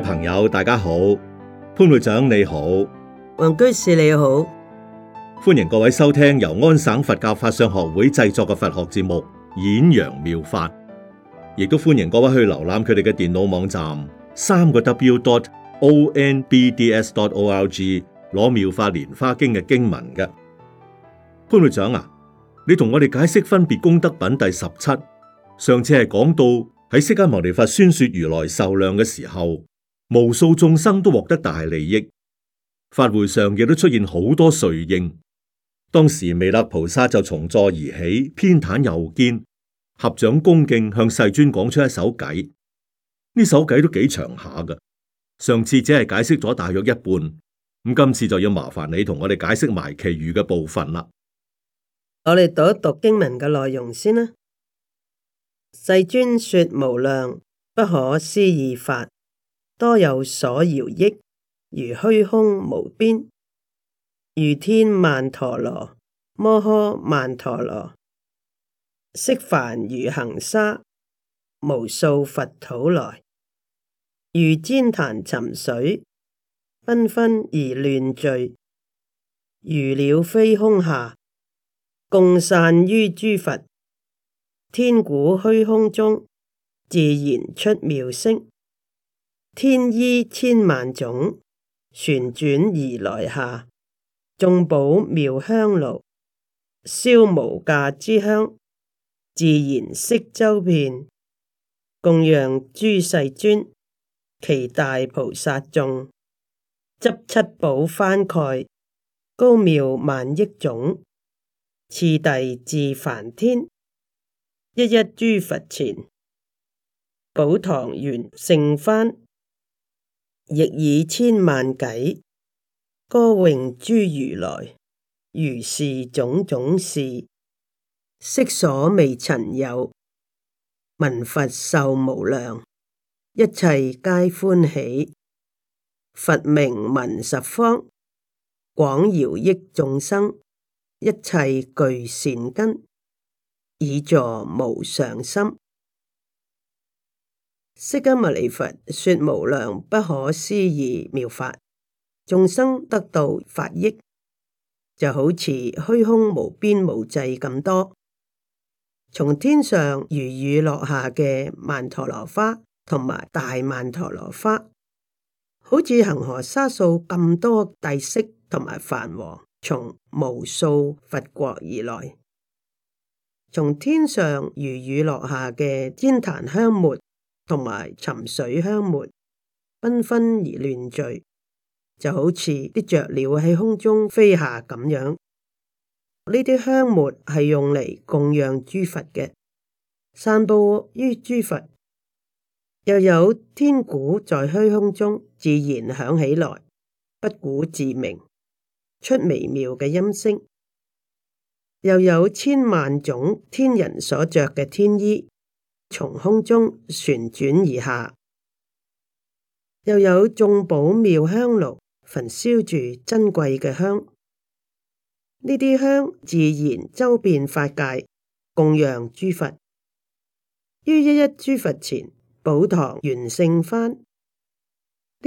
朋友，大家好，潘會長你好，黃居士你好，歡迎各位收聽由安省佛教法相學會製作嘅佛學節目《演揚妙法》，亦都歡迎各位去瀏覽佢哋嘅電腦網站，三個 w dot o n b d s dot o l g 攞《妙法蓮華經》嘅經文嘅。潘會長啊，你同我哋解釋分別功德品第十七，上次係講到喺釋迦牟尼佛宣說如來壽量嘅時候。無數眾生都獲得大利益，法會上亦都出現好多瑞應。當時彌勒菩薩就從座而起，偏袒右肩，合掌恭敬向世尊講出一首偈。呢首偈都幾長下㗎，上次只係解釋咗大約一半，咁今次就要麻煩你同我哋解釋埋其餘嘅部分啦。我哋讀一讀經文嘅內容先啦。世尊說無量不可思議法。多有所饒益，如虛空無邊，如天曼陀羅，摩訶曼陀羅，釋梵如恆沙，無數佛土來，如栴檀沉水，紛紛而亂聚，如鳥飛空下，共散於諸佛，天鼓虛空中，自然出妙聲。天衣千萬種，旋轉而來下，眾寶妙香爐，燒無價之香，自然色周遍，供養諸世尊，其大菩薩眾，執七寶幡蓋，高妙萬億種，次第至梵天，一一諸佛前，寶堂圓勝幡。亦以千萬偈歌詠諸如來，如是種種事昔所未曾有。聞佛壽無量，一切皆歡喜。佛名聞十方，廣饒益眾生，一切具善根，以助無常心。釋迦牟尼佛說無量不可思議妙法，眾生得到法益，就好似虛空無邊無際咁多。從天上如雨落下嘅曼陀羅花同埋大曼陀羅花，好似恒河沙數咁多帝釋梵王，帝釋同埋梵王從無數佛國而來，從天上如雨落下嘅栴檀香末。同埋沉水香末，繽紛而亂聚，就好似啲雀鳥喺空中飛下咁樣。呢啲香末係用嚟供養諸佛嘅，散布於諸佛。又有天鼓在虛空中自然響起來，不鼓自鳴，出微妙嘅音聲。又有千萬種天人所着嘅天衣。從空中旋轉而下，又有眾寶妙香爐焚燒住珍貴嘅香，呢啲香自然周遍法界，供養諸佛。於一一諸佛前寶堂圓勝幡，呢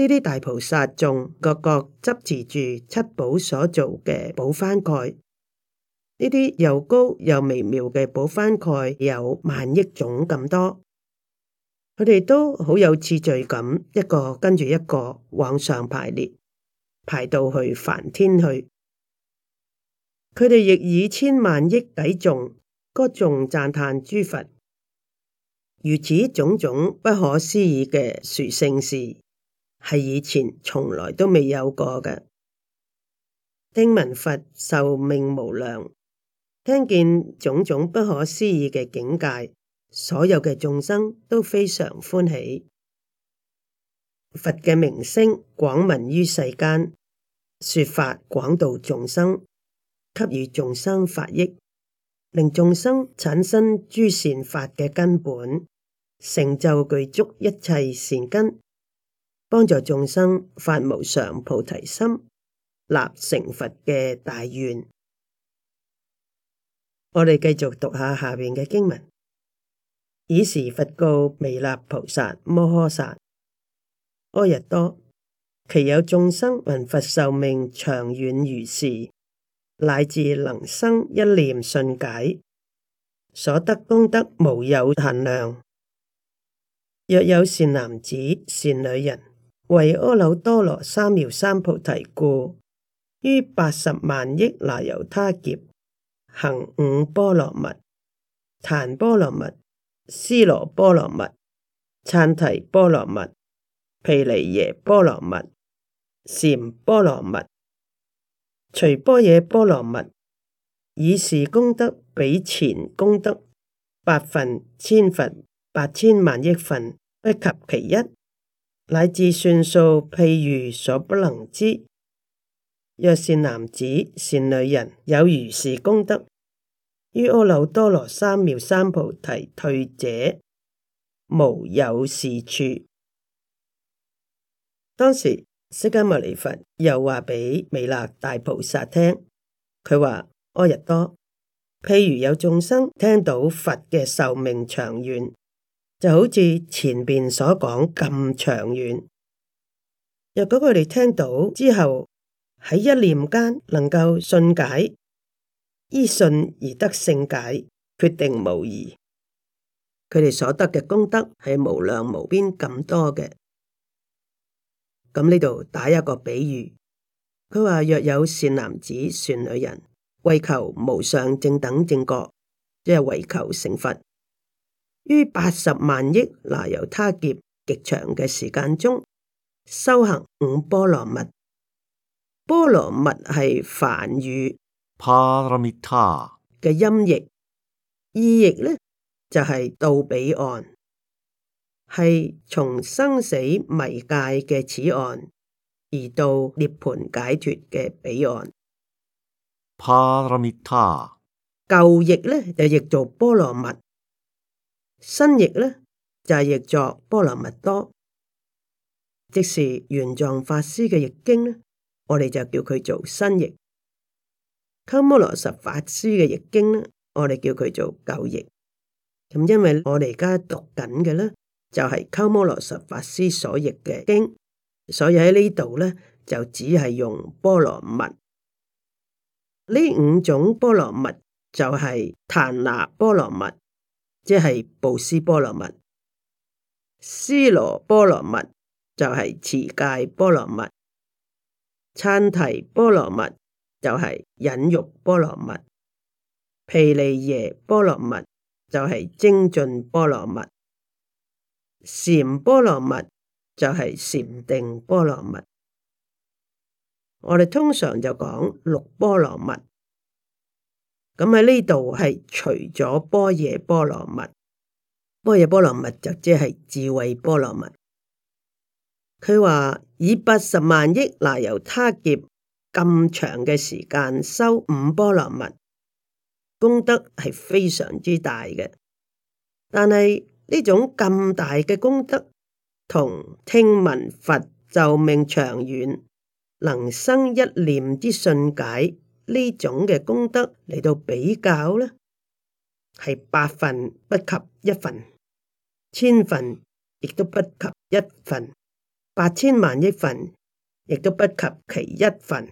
啲大菩薩眾，各各執持住七寶所造嘅寶幡蓋。呢啲又高又微妙嘅寶幡蓋有萬億種咁多，佢哋都好有次序咁，一個跟住一個往上排列，排到去梵天去，佢哋亦以千萬億抵眾各種讚嘆諸佛，如此種種不可思議嘅殊勝事，係以前從來都未有過嘅。聽聞佛壽命無量。聽見種種不可思議嘅境界，所有嘅眾生都非常歡喜。佛嘅名聲廣聞於世間，說法廣度眾生，給予眾生法益，令眾生產生諸善法嘅根本，成就具足一切善根，幫助眾生發無上菩提心，立成佛嘅大願。我哋繼續讀下下面嘅經文。爾時佛告彌勒菩薩摩訶薩：阿逸多，其有眾生聞佛壽命長遠如是，乃至能生一念信解，所得功德無有限量。若有善男子、善女人，為阿耨多羅三藐三菩提故，於八十萬億那由他劫。行五波羅蜜、檀波羅蜜、尸羅波羅蜜、羼提波羅蜜、毗梨耶波羅蜜、禪波羅蜜、除般若波羅蜜，以是功德比前功德，百分千分八千萬億分不及其一，乃至算數譬如所不能知。若善男子善女人有如是功德，於阿耨多羅三藐三菩提退者，無有是處。當時釋迦牟尼佛又話俾彌勒大菩薩聽，佢話：阿逸多，譬如有眾生聽到佛嘅壽命長遠，就好似前邊所講咁長遠。若果佢哋聽到之後，喺一念間能夠信解，依信而得勝解，決定無疑。佢哋所得嘅功德係無量無邊咁多嘅。咁呢度打一個比喻，佢話若有善男子善女人，為求無上正等正覺，即係為求成佛，於八十萬億那由他劫極長嘅時間中，修行五波羅蜜。菠羅蜜係梵語，波羅蜜塔嘅音譯意譯咧就係、是、到彼岸，係從生死迷界嘅此岸而到涅槃解脫嘅彼岸。波羅蜜塔舊譯咧就譯做「菠羅蜜」，新譯咧就係譯作菠羅蜜多，即是玄奘法師嘅譯經咧。我哋就叫佢做新譯，鳩摩羅什法師嘅譯經咧，我哋叫佢做舊譯。咁因為我哋而家讀緊嘅咧，就係鳩摩羅什法師所譯嘅經，所以喺呢度咧就只係用波羅蜜。呢五種波羅蜜就係檀那波羅蜜，即係布施波羅蜜；尸羅波羅蜜就係持戒波羅蜜。就是餐提波羅蜜就係忍辱波羅蜜，毗梨耶波羅蜜就係精進波羅蜜，禪波羅蜜就係禪定波羅蜜。我哋通常就講六波羅蜜，咁喺呢度係除咗般若波羅蜜，般若波羅蜜就即係智慧波羅蜜。佢話：以八十萬億那由他劫咁長嘅時間修五波羅蜜，功德係非常之大嘅，但係呢種咁大嘅功德同聽聞佛壽命長遠，能生一念之信解呢種嘅功德嚟到比較呢，係百份不及一份，千份亦都不及一份。八千萬億份，亦都不及其一份，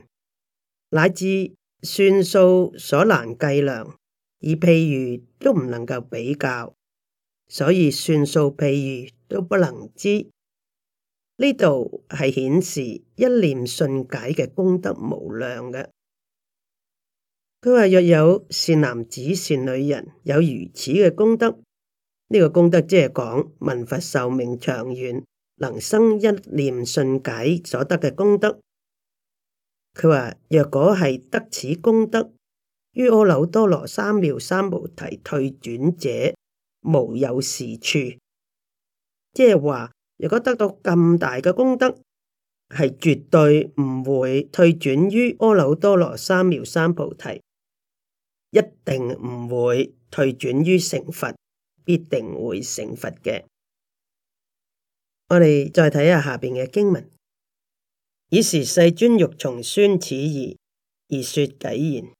乃至算數所難計量，而譬如都唔能夠比較，所以算數譬如都不能知。呢度係顯示一念信解嘅功德無量嘅。佢話若有善男子善女人有如此嘅功德，呢、這個功德即係講聞佛壽命長遠。能生一念信解所得嘅功德，佢話若果係得此功德，於阿耨多羅三藐三菩提退轉者，無有是處。即係話，若果得到咁大嘅功德，係絕對唔會退轉於阿耨多羅三藐三菩提，一定唔會退轉於成佛，必定會成佛嘅。我哋再睇下下邊嘅經文，以時世尊欲重宣此義而說偈言：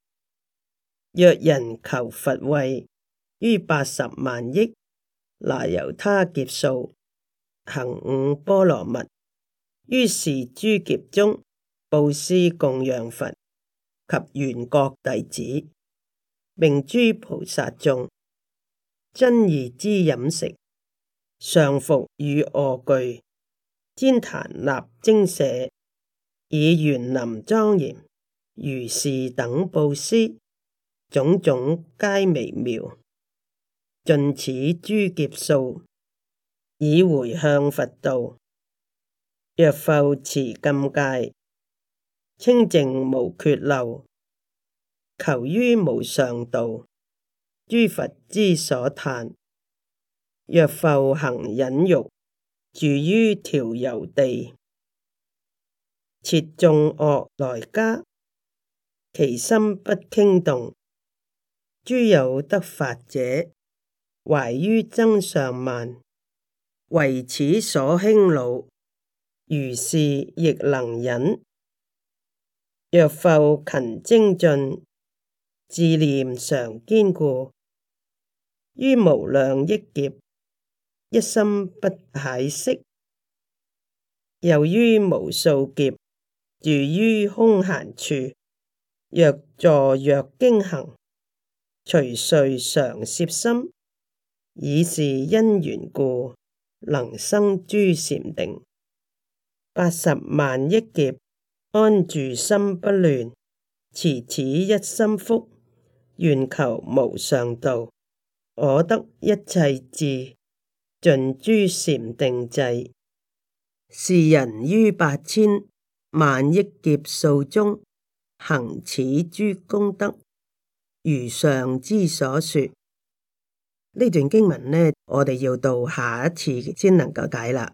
若人求佛慧於八十萬億，那由他劫數，行五波羅蜜。於是諸劫中，布施供養佛及緣覺弟子，並諸菩薩眾，珍異之飲食。上服與臥具，栴檀立精舍，以園林莊嚴，如是等布施，種種皆微妙，盡此諸劫數，以回向佛道。若復持禁戒，清淨無缺漏，求於無上道，諸佛之所嘆。若浮行忍辱，住於調柔地，切眾惡來加，其心不傾動；諸有得法者，懷於增上慢，為此所輕惱，如是亦能忍。若浮勤精進，自念常堅固，於無量億劫。一心不懈息，由於無數劫，住於空閑處，若坐若經行，隨睡常攝心，以是因緣故，能生諸禪定。八十萬億劫，安住心不亂，持此一心福，願求無上道，我得一切智。盡諸禪定際，是人於八千萬億劫數中，行此諸功德。如上之所說。呢段經文呢，我哋要到下一次先能夠解啦。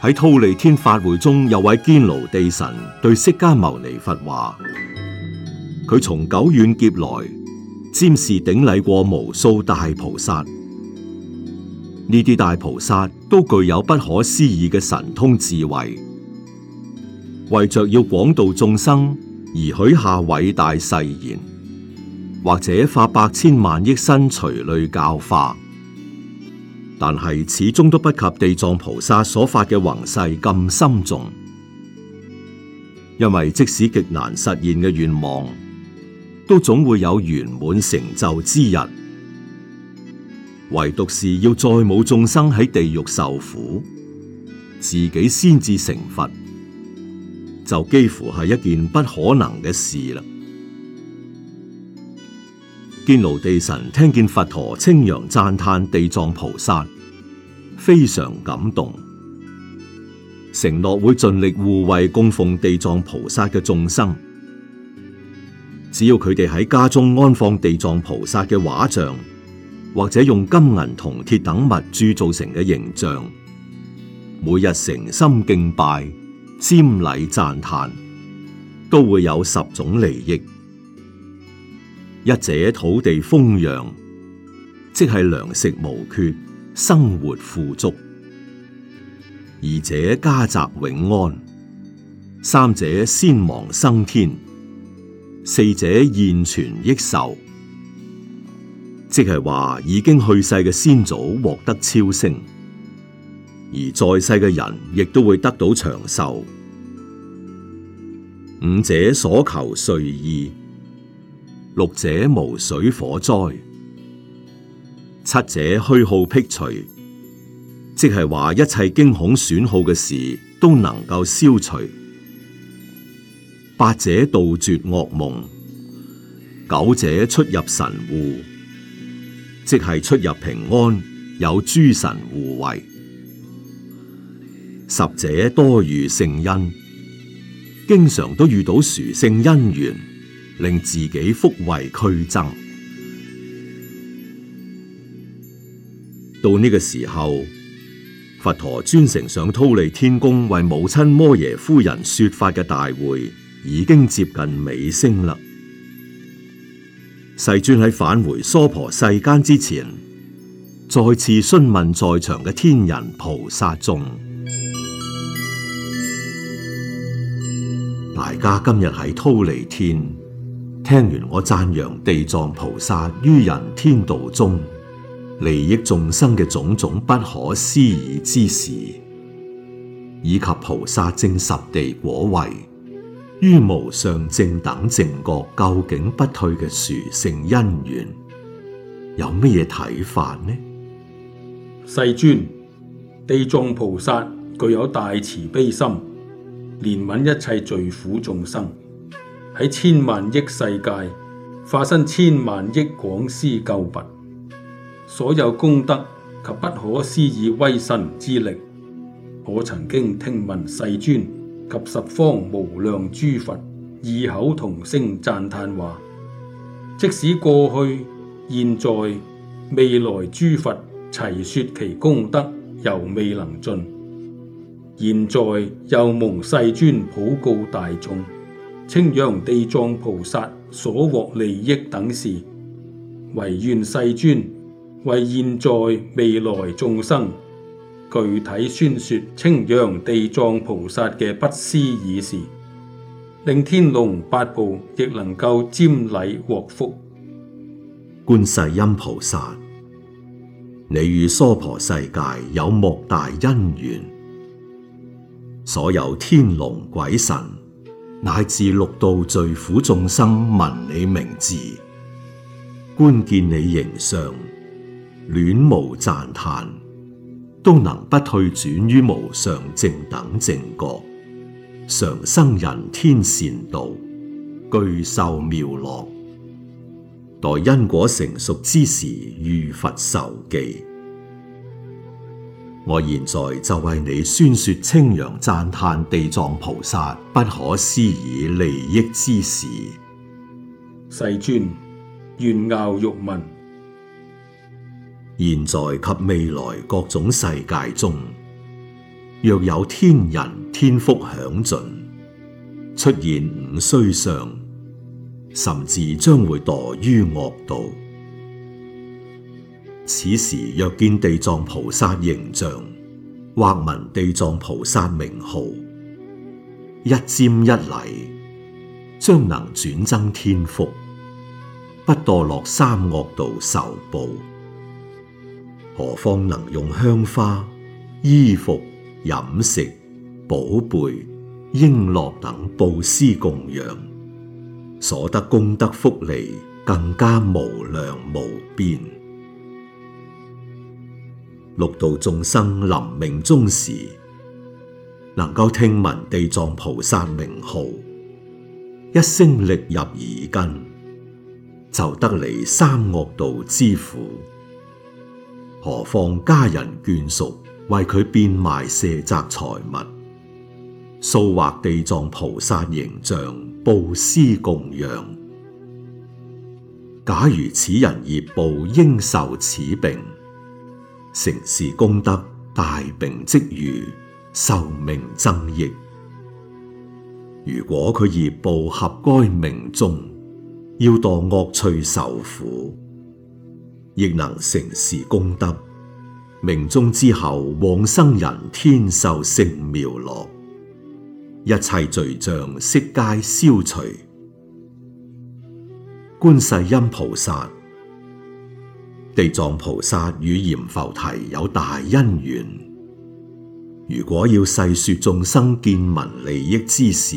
喺忉利天法會中，有位堅牢地神對釋迦牟尼佛話：佢從久遠劫來，瞻視頂禮過無數大菩薩，呢啲大菩薩都具有不可思議嘅神通智慧，為着要廣度眾生而許下偉大誓言，或者化百千萬億身隨類教化。但係始終都不及地藏菩薩所發嘅宏誓咁深重，因為即使極難實現嘅願望，都總會有圓滿成就之日。唯獨是要再冇眾生喺地獄受苦，自己先至成佛，就幾乎係一件不可能嘅事啦。天牢地神聽見佛陀稱揚讚歎地藏菩薩，非常感動，承諾會盡力護衛供奉地藏菩薩嘅眾生。只要佢哋喺家中安放地藏菩薩嘅畫像，或者用金銀銅鐵等物鑄造成嘅形象，每日誠心敬拜、瞻禮、讚歎，都會有十種利益。一者土地豐穰，即係糧食無缺，生活富足；二者家宅永安；三者先亡生天；四者現存益壽，即係話已經去世嘅先祖獲得超升，而在世嘅人亦都會得到長壽。五者所求遂意。六者無水火災，七者虛耗辟除，即係話一切驚恐損耗嘅事都能夠消除。八者杜絕惡夢，九者出入神戶，即係出入平安，有諸神護衛。十者多遇聖因，經常都遇到殊勝姻緣。令自己福慧俱增。到呢個時候，佛陀專程上忉利天宮為母親摩耶夫人說法嘅大會已經接近尾聲啦。世尊喺返回娑婆世間之前，再次詢問在場嘅天人菩薩眾：大家今日喺忉利天，聽完我讚揚地藏菩薩於人天道中利益眾生嘅種種不可思議之事，以及菩薩證十地果位於無上正等正覺究竟不退嘅殊勝因緣，有咩嘢睇法呢？世尊，地藏菩薩具有大慈悲心，憐憫一切罪苦眾生。喺千萬億世界化身千萬億廣施救拔，所有功德及不可思議威神之力。我曾經聽聞世尊及十方無量諸佛異口同聲讚嘆話，即使過去、現在、未來諸佛齊説其功德，又未能盡。現在又蒙世尊普告大眾。稱揚地藏菩薩所獲利益等事，唯願世尊為現在未來眾生具體宣說稱揚地藏菩薩嘅不思議事，令天龍八部亦能夠瞻禮獲福。觀世音菩薩，你與娑婆世界有莫大因緣，所有天龍鬼神。乃至六道罪苦眾生聞你名字，觀見你形相，戀慕讚嘆，都能不退轉於無上正等正覺，常生人天善道，具受妙樂，待因果成熟之時，遇佛受記。我現在就為你宣說稱揚讚嘆地藏菩薩不可思議利益之事，世尊，願樂欲聞。現在及未來各種世界中，若有天人天福享盡，出現五衰相，甚至將會墮於惡道。此時若見地藏菩薩形象，或聞地藏菩薩名號，一瞻一禮，將能轉增天福，不墮落三惡道受報。何況能用香花、衣服、飲食、寶貝、瓔珞等布施供養，所得功德福利更加無量無邊。六道眾生臨命終時，能夠聽聞地藏菩薩名號，一聲力入耳根，就得離三惡道之苦。何況家人眷屬為佢變賣舍宅財物，塑畫地藏菩薩形象，布施供養。假如此人業報應受此病。成事功德大病即愈，壽命增益。如果佢業報合該命終，要墮惡趣受苦，亦能成事功德。命終之後，往生人天受勝妙樂，一切罪障悉皆消除。觀世音菩薩。地藏菩薩與閻浮提有大因緣，如果要細說眾生見聞利益之事，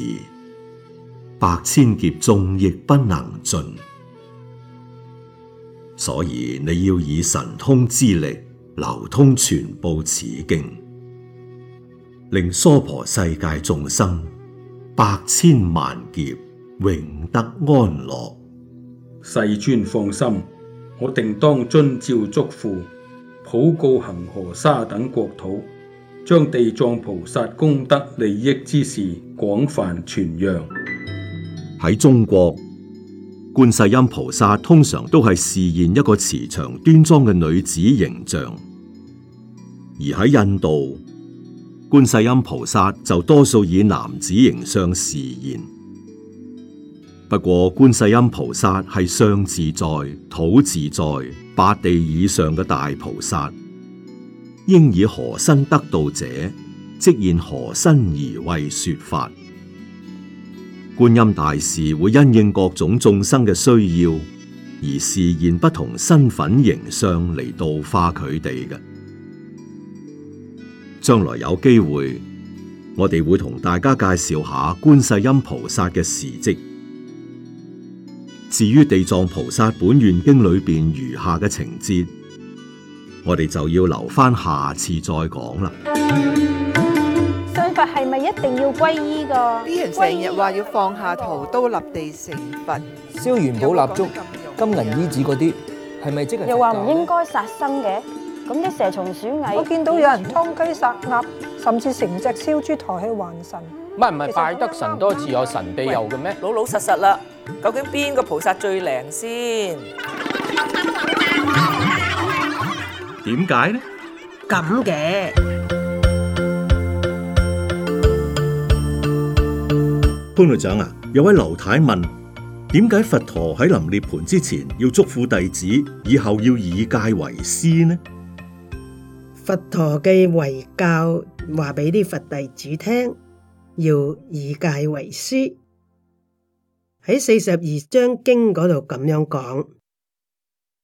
百千劫眾亦不能盡。所以你要以神通之力流通全部此經，令娑婆世界眾生百千萬劫永得安樂。世尊放心。我定當遵照囑咐，普告恒河沙等國土，將地藏菩薩功德利益之事廣泛傳揚。喺中國，觀世音菩薩通常都係示現一個慈祥端莊嘅女子形象，而喺印度，觀世音菩薩就多數以男子形象示現。不過，觀世音菩薩係相自在、土自在、八地以上嘅大菩薩，應以何身得度者，即現何身而為說法。觀音大士會因應各種眾生嘅需要，而示現不同身份形象嚟度化佢哋嘅。將來有機會，我哋會同大家介紹下觀世音菩薩嘅事蹟。至於地藏菩薩本願經裏邊餘下嘅情節，我哋就要留翻下次再講啦。信佛係咪一定要皈依噶？啲人成日話要放下屠刀立地成佛，燒元寶蠟燭、金銀衣紙嗰啲，係咪即係？又話唔應該殺生嘅，咁啲蛇蟲鼠蟻，我見到有人劏雞殺鴨，甚至成隻燒豬抬去還神。唔係唔係，拜得神多自有神庇佑嘅咩？老老實實啦。究竟邊個菩薩最靈先？點解呢？咁嘅潘隊長啊，有位劉太問：點解佛陀喺臨涅盤之前要囑咐弟子以後要以戒為師呢？佛陀嘅遺教話俾啲佛弟子聽，要以戒為師。喺四十二章經嗰度咁樣講，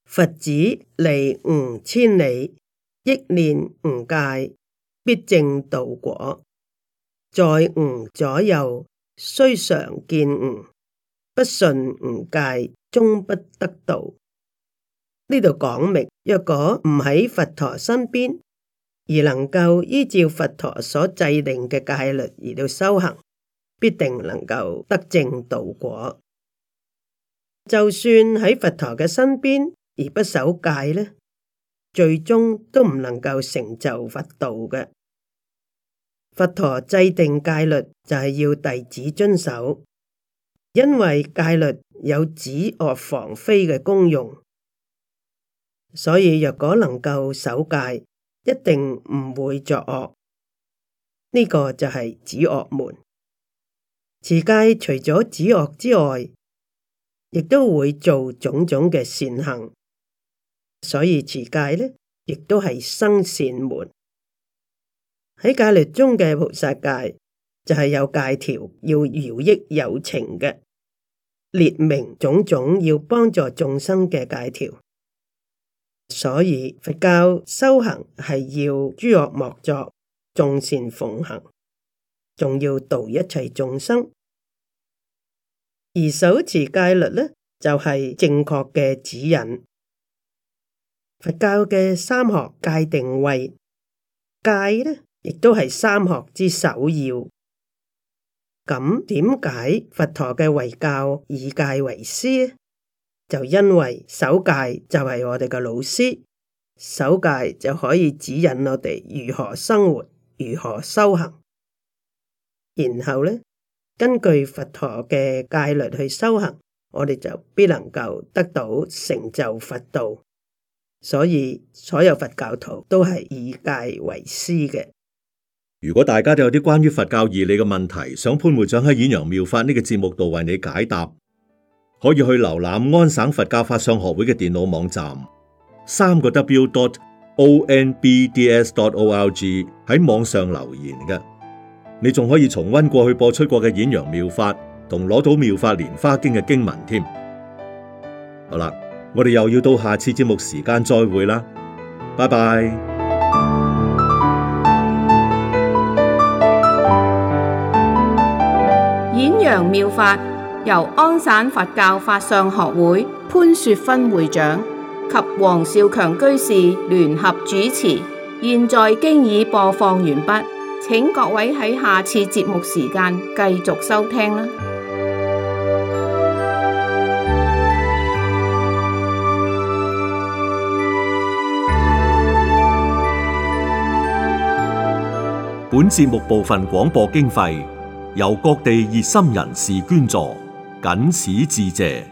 佛子離吾千里，憶念吾戒，必證道果。在吾左右，雖常見吾，不順吾戒，終不得道。呢度講明，若果唔喺佛陀身邊，而能夠依照佛陀所制定嘅戒律而到修行。必定能夠得正道果。就算喺佛陀嘅身邊而不守戒呢，最終都唔能夠成就佛道嘅。佛陀制定戒律就係要弟子遵守，因為戒律有止惡防非嘅功用，所以若果能夠守戒，一定唔會作惡。呢個就係止惡門。持戒除咗止惡之外，亦都會做種種嘅善行，所以持戒咧亦都係生善門。喺戒律中嘅菩薩戒就係有戒條要饒益有情嘅，列明種種要幫助眾生嘅戒條。所以佛教修行係要諸惡莫作，眾善奉行。仲要度一切眾生，而守持戒律呢，就係正確嘅指引。佛教嘅三學戒定慧戒呢，亦都係三學之首要。咁點解佛陀嘅遺教以戒為師？就因為守戒就係我哋嘅老師，守戒就可以指引我哋如何生活，如何修行。然後咧，根據佛陀嘅戒律去修行，我哋就必能夠得到成就佛道。所以所有佛教徒都係以戒為師嘅。如果大家都有啲關於佛教義理嘅問題，想潘會長喺《演揚妙法》呢個節目度為你解答，可以去瀏覽安省佛教法相學會嘅電腦網站，三個 W dot O N B D S dot O L G 喺網上留言嘅。你仲可以重温過去播出過嘅演揚妙法同攞到妙法蓮華經嘅經文添。好啦，我哋又要到下次節目時間再會啦，拜拜。演揚妙法由安省佛教法相學會潘雪芬會長及黃少強居士聯合主持，現在經已播放完畢。請各位喺下次節目時間繼續收聽啦。本節目部分廣播經費由各地熱心人士捐助，謹此致謝。